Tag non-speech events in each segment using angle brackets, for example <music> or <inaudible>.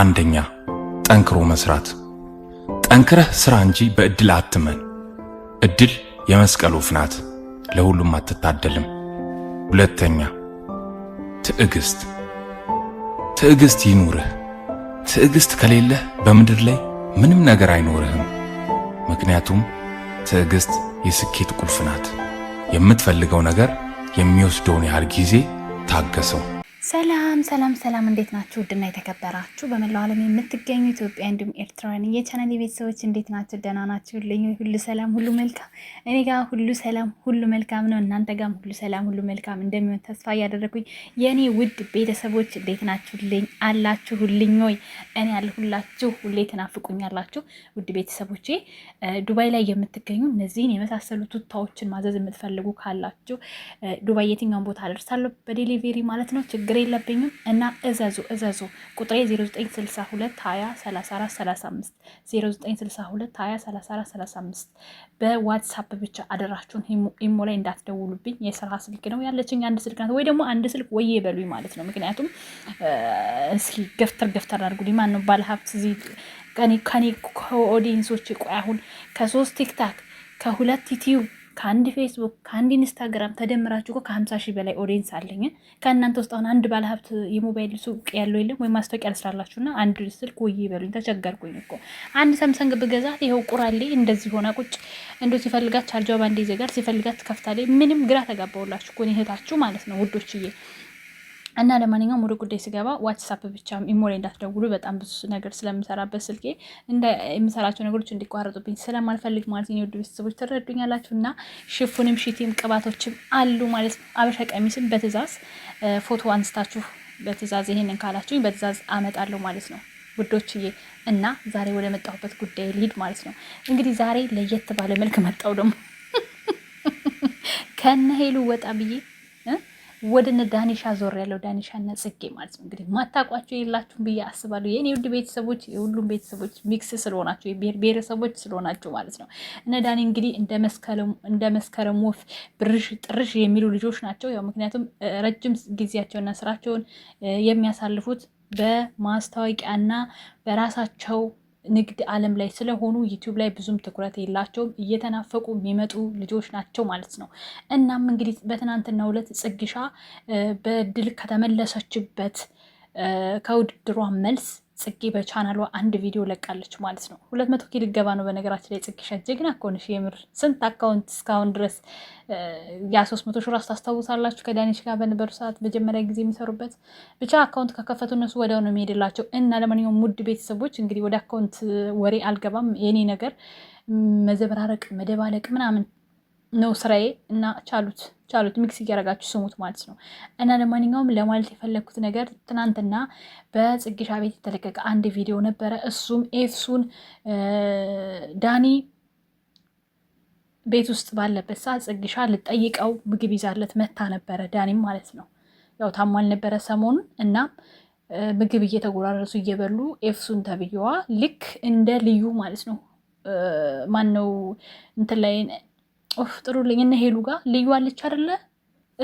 አንደኛ ጠንክሮ መስራት። ጠንክረህ ስራ እንጂ በእድል አትመን። እድል የመስቀል ወፍ ናት፣ ለሁሉም አትታደልም። ሁለተኛ ትዕግስት። ትዕግስት ይኑርህ። ትዕግስት ከሌለህ በምድር ላይ ምንም ነገር አይኖርህም። ምክንያቱም ትዕግስት የስኬት ቁልፍ ናት። የምትፈልገው ነገር የሚወስደውን ያህል ጊዜ ታገሰው። ሰላም ሰላም ሰላም፣ እንዴት ናችሁ? ውድና የተከበራችሁ በመላው ዓለም የምትገኙ ኢትዮጵያ እንዲሁም ኤርትራውያን የቻናል ቤተሰቦች እንዴት ናችሁ? ደህና ናችሁ? ሁሉ ሰላም ሁሉ መልካም፣ እኔ ጋር ሁሉ ሰላም ሁሉ መልካም ነው። እናንተ ጋርም ሁሉ ሰላም ሁሉ መልካም እንደሚሆን ተስፋ እያደረኩኝ የእኔ ውድ ቤተሰቦች እንዴት ናችሁልኝ? አላችሁልኝ ወይ? እኔ ሁላችሁ ሁሌ አላችሁ ውድ ቤተሰቦቼ ዱባይ ላይ የምትገኙ እነዚህን የመሳሰሉ ቱታዎችን ማዘዝ የምትፈልጉ ካላችሁ ዱባይ የትኛውን ቦታ አደርሳለሁ በዴሊቬሪ ማለት ነው ችግር የለብኝም እና እዘዙ እዘዙ። ቁጥሬ 0962203435 0962203435 በዋትሳፕ ብቻ አደራችሁን። ኢሞ ላይ እንዳትደውሉብኝ፣ የስራ ስልክ ነው ያለችኝ። አንድ ስልክ ናት ወይ ደግሞ አንድ ስልክ ወይ በሉኝ ማለት ነው። ምክንያቱም እስኪ ገፍተር ገፍተር አድርጉልኝ። ማን ነው ባለሀብት እዚህ ከኔ ከኦዲየንሶች ቆይ አሁን ከሶስት ቲክታክ ከሁለት ዩቲዩብ ከአንድ ፌስቡክ ከአንድ ኢንስታግራም ተደምራችሁ እኮ ከሀምሳ ሺህ በላይ ኦዲየንስ አለኝ። ከእናንተ ውስጥ አሁን አንድ ባለሀብት የሞባይል ሱቅ ያለው የለም ወይም ማስታወቂያ አልስራላችሁና አንድ ስልክ ውይ ይበሉኝ፣ ተቸገርኩኝ እኮ አንድ ሰምሰንግ ብገዛ ይኸው ቁራሌ እንደዚህ ሆና ቁጭ እንዶ ሲፈልጋት ቻርጇ ባንዴ ይዘጋል፣ ሲፈልጋት ከፍታ ላይ ምንም ግራ ተጋባውላችሁ እኮ እህታችሁ ማለት ነው ውዶችዬ። እና ለማንኛውም ወደ ጉዳይ ስገባ ዋትሳፕ ብቻ ኢሞሬ እንዳትደውሉ በጣም ብዙ ነገር ስለምሰራበት ስልኬ የምሰራቸው ነገሮች እንዲቋረጡብኝ ስለማልፈልግ ማለት ነው። ቤተሰቦች ትረዱኛላችሁ። እና ሽፉንም ሽቲም ቅባቶችም አሉ ማለት ነው። አበሻ ቀሚስም በትእዛዝ ፎቶ አንስታችሁ በትእዛዝ ይሄንን ካላችሁኝ በትእዛዝ አመጣለሁ ማለት ነው ውዶችዬ። እና ዛሬ ወደ መጣሁበት ጉዳይ ልሂድ ማለት ነው። እንግዲህ ዛሬ ለየት ባለ መልክ መጣው ደግሞ <laughs> ከነ ሄሉ ወጣ ብዬ ወደነ ዳኒሻ ዞር ያለው ዳኒሻና ጽጌ ማለት ነው። እንግዲህ ማታቋቸው የላችሁም ብዬ አስባለሁ። የኔ ውድ ቤተሰቦች፣ የሁሉም ቤተሰቦች ሚክስ ስለሆናቸው የብሔር ብሔረሰቦች ስለሆናቸው ማለት ነው። እነ ዳኒ እንግዲህ እንደ መስከረም ወፍ ብርሽ ጥርሽ የሚሉ ልጆች ናቸው። ያው ምክንያቱም ረጅም ጊዜያቸውና ስራቸውን የሚያሳልፉት በማስታወቂያና በራሳቸው ንግድ ዓለም ላይ ስለሆኑ ዩቲዩብ ላይ ብዙም ትኩረት የላቸውም። እየተናፈቁ የሚመጡ ልጆች ናቸው ማለት ነው። እናም እንግዲህ በትናንትናው ዕለት ጽግሻ በድል ከተመለሰችበት ከውድድሯ መልስ ጽጌ በቻናሏ አንድ ቪዲዮ ለቃለች ማለት ነው። ሁለት መቶ ኬ ልገባ ነው። በነገራችን ላይ ጽጌሻ ጀግና እኮ ነሽ የምር ስንት አካውንት እስካሁን ድረስ ያ ሶስት መቶ ሺህ ራሱ ታስታውሳላችሁ። ከዳኒሽ ጋር በነበሩ ሰዓት መጀመሪያ ጊዜ የሚሰሩበት ብቻ አካውንት ከከፈቱ እነሱ ወዲያው ነው የሚሄድላቸው። እና ለማንኛውም ውድ ቤተሰቦች እንግዲህ ወደ አካውንት ወሬ አልገባም። የኔ ነገር መዘበራረቅ፣ መደባለቅ ምናምን ነው ስራዬ። እና ቻሉት ቻሉት ሚክስ እያደረጋችሁ ስሙት ማለት ነው። እና ለማንኛውም ለማለት የፈለግኩት ነገር ትናንትና በጽጌሻ ቤት የተለቀቀ አንድ ቪዲዮ ነበረ። እሱም ኤፍሱን ዳኒ ቤት ውስጥ ባለበት ሰዓት ጽጌሻ ልጠይቀው ምግብ ይዛለት መታ ነበረ። ዳኒም ማለት ነው ያው ታሟል ነበረ ሰሞኑን እና ምግብ እየተጎራረሱ እየበሉ ኤፍሱን ተብዬዋ ልክ እንደ ልዩ ማለት ነው ማን ነው እንትን ላይ ኦፍ ጥሩልኝ። እነ ሄሉ ጋር ልዩ አለች አደለ?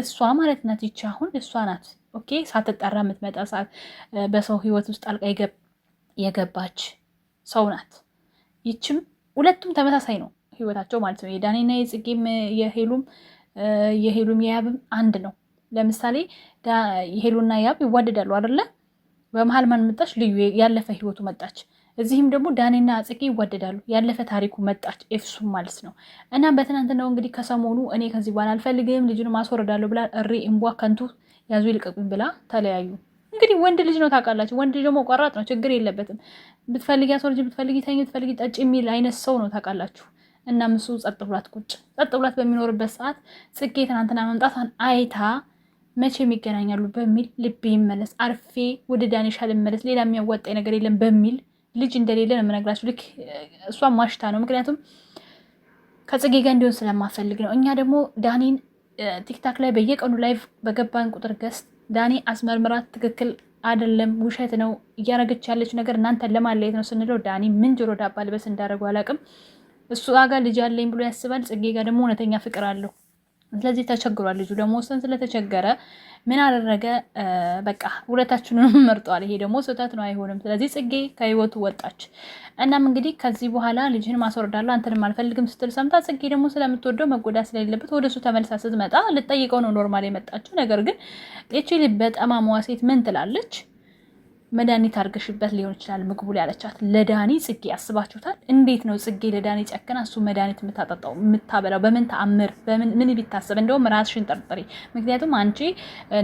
እሷ ማለት ናት። ይቺ አሁን እሷ ናት። ኦኬ ሳትጠራ የምትመጣ ሰዓት በሰው ህይወት ውስጥ አልቃ የገባች ሰው ናት። ይችም ሁለቱም ተመሳሳይ ነው ህይወታቸው ማለት ነው። የዳኔና የጽጌም የሄሉም የሄሉም የያብም አንድ ነው። ለምሳሌ ሄሉና ያብ ይዋደዳሉ አደለ? በመሀል ማን መጣች? ልዩ ያለፈ ህይወቱ መጣች። እዚህም ደግሞ ዳኔና አጽጌ ይወደዳሉ። ያለፈ ታሪኩ መጣች ኤፍሱም ማለት ነው። እናም በትናንትናው እንግዲህ ከሰሞኑ እኔ ከዚህ በኋላ አልፈልግም ልጁን ማስወረዳለሁ ብላ እሬ እምቧ ከንቱ ያዙ ይልቀቁኝ ብላ ተለያዩ። እንግዲህ ወንድ ልጅ ነው ታውቃላችሁ። ወንድ ልጅ ደግሞ ቆራጥ ነው፣ ችግር የለበትም። ብትፈልጊ ሰው ልጅ ብትፈልጊ ተኝ ብትፈልጊ ጠጭ የሚል አይነት ሰው ነው ታውቃላችሁ። እና እሱ ጸጥ ብሏት ቁጭ ጸጥ ብሏት በሚኖርበት ሰዓት ጽጌ ትናንትና መምጣቷን አይታ መቼም ይገናኛሉ በሚል ልቤ ይመለስ አርፌ ወደ ዳኔሻ ልመለስ ሌላ የሚያዋጣኝ ነገር የለም በሚል ልጅ እንደሌለ ነው የምነግራችሁ። ልክ እሷ ማሽታ ነው፣ ምክንያቱም ከጽጌ ጋር እንዲሆን ስለማፈልግ ነው። እኛ ደግሞ ዳኒን ቲክታክ ላይ በየቀኑ ላይ በገባን ቁጥር ገስ ዳኒ አስመርምራት ትክክል አይደለም፣ ውሸት ነው እያረገች ያለች ነገር እናንተን ለማለየት ነው ስንለው ዳኒ ምን ጆሮ ዳባ ልበስ እንዳደረገው አላውቅም። እሱ ጋር ልጅ አለኝ ብሎ ያስባል። ጽጌ ጋር ደግሞ እውነተኛ ፍቅር አለው። ስለዚህ ተቸግሯል። ልጁ ለመወሰን ስለተቸገረ ምን አደረገ? በቃ ሁለታችንንም <laughs> መርጧል። ይሄ ደግሞ ስህተት ነው፣ አይሆንም። ስለዚህ ጽጌ ከህይወቱ ወጣች። እናም እንግዲህ ከዚህ በኋላ ልጅህን ማስወረዳለሁ አንተንም አልፈልግም ስትል ሰምታ፣ ጽጌ ደግሞ ስለምትወደው መጎዳ ስለሌለበት ወደ እሱ ተመልሳ ስትመጣ ልጠይቀው ነው ኖርማል የመጣችው። ነገር ግን ይቺ በጠማማዋ ሴት ምን ትላለች? መድኃኒት አድርገሽበት ሊሆን ይችላል ምግቡ ላይ ያለቻት ለዳኒ ጽጌ ያስባችሁታል። እንዴት ነው ጽጌ ለዳኒ ጨክና እሱ መድኃኒት የምታጠጣው የምታበላው? በምን ተአምር ምን ቢታሰብ? እንደውም ራስሽን ጠርጥሪ። ምክንያቱም አንቺ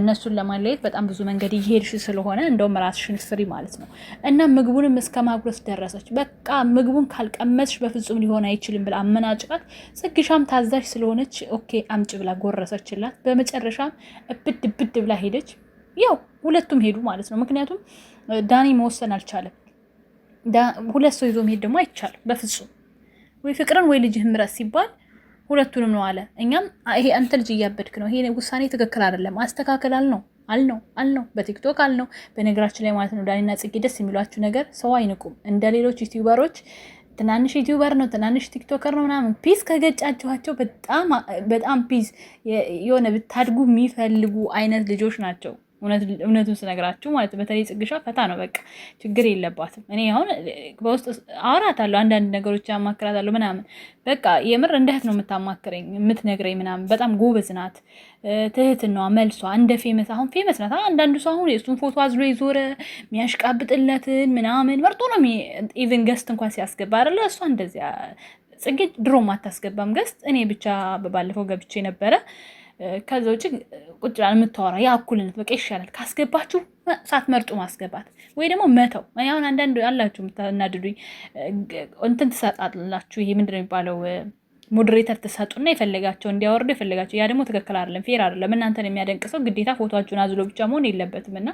እነሱን ለማለየት በጣም ብዙ መንገድ እየሄድሽ ስለሆነ እንደውም ራስሽን ስሪ ማለት ነው። እና ምግቡንም እስከ ማጉረስ ደረሰች። በቃ ምግቡን ካልቀመስሽ በፍጹም ሊሆን አይችልም ብላ አመናጭቃት። ጽግሻም ታዛዥ ስለሆነች ኦኬ አምጭ ብላ ጎረሰችላት። በመጨረሻም እብድ ብድ ብላ ሄደች። ያው ሁለቱም ሄዱ ማለት ነው ምክንያቱም ዳኒ መወሰን አልቻለም። ሁለት ሰው ይዞ መሄድ ደግሞ አይቻልም በፍጹም። ወይ ፍቅርን ወይ ልጅህ ምረጥ ሲባል ሁለቱንም ነው አለ። እኛም ይሄ አንተ ልጅ እያበድክ ነው፣ ይሄ ውሳኔ ትክክል አይደለም፣ አስተካከል አልነው አልነው አልነው በቲክቶክ አልነው። በነገራችን ላይ ማለት ነው ዳኒና ጽጌ ደስ የሚሏችሁ ነገር ሰው አይንቁም እንደ ሌሎች ዩቲዩበሮች ትናንሽ ዩቲዩበር ነው ትናንሽ ቲክቶከር ነው ምናምን ፒስ ከገጫችኋቸው በጣም በጣም ፒስ የሆነ ብታድጉ የሚፈልጉ አይነት ልጆች ናቸው። እውነቱን ስነግራችሁ ማለት በተለይ ጽግሻ ፈታ ነው፣ በቃ ችግር የለባትም። እኔ አሁን በውስጥ አለው አንዳንድ ነገሮች ያማክራት አለው ምናምን። በቃ የምር እንደ እህት ነው የምታማክረኝ የምትነግረኝ ምናምን። በጣም ጎበዝ ናት። ትህትናዋ፣ መልሷ እንደ ፌመስ አሁን ፌመስ ናት። አንዳንዱ ሰው አሁን የእሱን ፎቶ አዝሎ የዞረ የሚያሽቃብጥለትን ምናምን መርጦ ነው ኢቨን ገስት እንኳን ሲያስገባ አይደለ እሷ እንደዚያ ጽጌ ድሮም አታስገባም ገስት። እኔ ብቻ በባለፈው ገብቼ ነበረ ከዛ ውጭ ቁጭ ብላ የምታወራ ያ በቃ ይሻላል። ካስገባችሁ ሳትመርጡ ማስገባት ወይ ደግሞ መተው። አሁን አንዳንድ አላችሁ የምታናድዱኝ እንትን ትሰጣላችሁ። ይሄ ምንድን ነው የሚባለው? ሞዴሬተር ትሰጡና የፈለጋቸው እንዲያወርዱ የፈለጋቸው። ያ ደግሞ ትክክል አይደለም፣ ፌር አይደለም። እናንተን የሚያደንቅ ሰው ግዴታ ፎቶችሁን አዝሎ ብቻ መሆን የለበትም። እና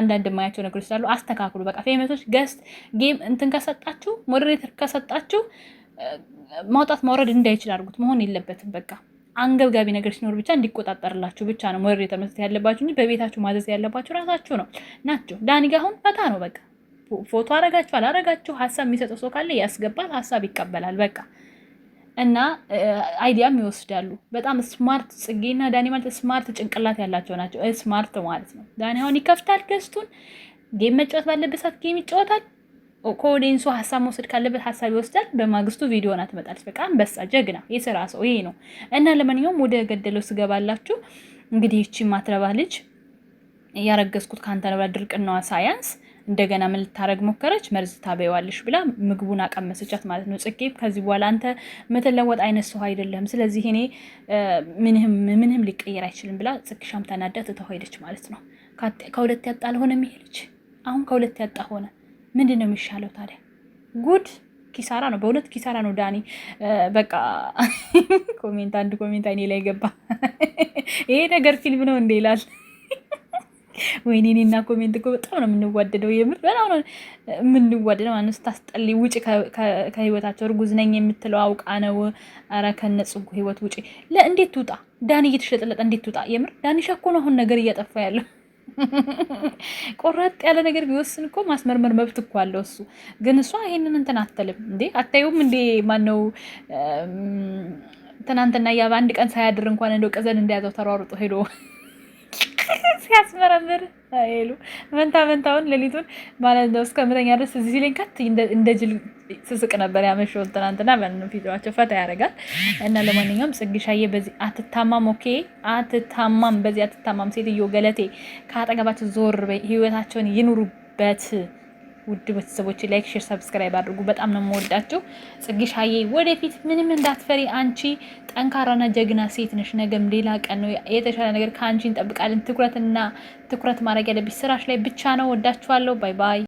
አንዳንድ የማያቸው ነገሮች ስላሉ አስተካክሉ። በቃ ፌመሶች ገስት ጌም እንትን ከሰጣችሁ ሞዴሬተር ከሰጣችሁ ማውጣት ማውረድ እንዳይችል አድርጉት። መሆን የለበትም በቃ አንገብጋቢ ነገር ሲኖር ብቻ እንዲቆጣጠርላችሁ ብቻ ነው ወሬ ተመስት ያለባችሁ እንጂ በቤታችሁ ማዘዝ ያለባችሁ ራሳችሁ ነው ናቸው። ዳኒ ጋ አሁን ፈታ ነው በቃ ፎቶ አረጋችሁ አላረጋችሁ ሀሳብ የሚሰጠው ሰው ካለ ያስገባል፣ ሀሳብ ይቀበላል። በቃ እና አይዲያም ይወስዳሉ። በጣም ስማርት ጽጌና ዳኒ ማለት ስማርት ጭንቅላት ያላቸው ናቸው። ስማርት ማለት ነው። ዳኒ አሁን ይከፍታል ገስቱን ጌም መጫወት ባለበት ሰዓት ጌም ይጫወታል። ከኦዲንሱ ሀሳብ መውሰድ ካለበት ሀሳብ ይወስዳል። በማግስቱ ቪዲዮ ና ትመጣለች። በቃ አንበሳ ጀግና የስራ ሰው ይሄ ነው እና ለማንኛውም ወደ ገደለው ስገባላችሁ እንግዲህ ይቺ ማትረባ ልጅ ያረገዝኩት ከአንተ ነው ድርቅናዋ ሳያንስ እንደገና ምን ልታረግ ሞከረች? መርዝ ታበይዋለሽ ብላ ምግቡን አቀመሰቻት ማለት ነው። ጽጌ ከዚህ በኋላ አንተ ምትለወጥ አይነት ሰው አይደለም፣ ስለዚህ እኔ ምንህም ሊቀየር አይችልም ብላ ጽግሻም ተናዳ ትተው ሄደች ማለት ነው። ከሁለት ያጣ አልሆነም ይሄ ልጅ አሁን ከሁለት ያጣ ሆነ። ምንድን ነው የሚሻለው ታዲያ? ጉድ ኪሳራ ነው፣ በእውነት ኪሳራ ነው። ዳኒ በቃ <laughs> ኮሜንት፣ አንድ ኮሜንት አይኔ ላይ ገባ። <laughs> ይሄ ነገር ፊልም ነው እንደ ይላል። <laughs> ወይኔ እኔና ኮሜንት እኮ በጣም ነው የምንዋደደው፣ የምር በጣም ነው የምንዋደደው። ማነው ስታስጠልይ፣ ውጭ ከህይወታቸው። እርጉዝ ነኝ የምትለው አውቃ ነው። ኧረ ከነጽጉ ህይወት ውጪ። ለእንዴት ትውጣ ዳኒ? እየተሸጠለጠ እንዴት ትውጣ? የምር ዳኒ ሸኮን አሁን ነገር እያጠፋ ያለው <laughs> ቆራጥ ያለ ነገር ቢወስን እኮ ማስመርመር መብት እኮ አለው እሱ። ግን እሷ ይሄንን እንትን አትልም እንዴ አታዩም እንዴ? ማነው ትናንትና ያ በአንድ ቀን ሳያድር እንኳን እንደው ቀዘን እንደያዘው ተሯሩጦ ሄዶ ሲያስመረምር ሉ መንታ መንታውን ሌሊቱን ማለት ነው እስከ ምተኛ ድረስ እዚህ ሲለኝ ከት እንደ ጅል ስስቅ ነበር ያመሸው ትናንትና። በንም ፊቷቸው ፈታ ያደርጋል እና ለማንኛውም ጽግሻዬ በዚህ አትታማም፣ ኦኬ አትታማም፣ በዚህ አትታማም። ሴትዮ ገለቴ ከአጠገባቸው ዞር በይ፣ ህይወታቸውን ይኑሩበት። ውድ ቤተሰቦች ላይክ፣ ሼር፣ ሰብስክራይብ አድርጉ። በጣም ነው የምወዳችሁ። ጽጌሻዬ ወደፊት ምንም እንዳትፈሪ። አንቺ ጠንካራና ጀግና ሴት ነሽ። ነገም ሌላ ቀን ነው። የተሻለ ነገር ከአንቺ እንጠብቃለን። ትኩረትና ትኩረት ማድረግ ያለብሽ ስራሽ ላይ ብቻ ነው። ወዳችኋለሁ። ባይ ባይ።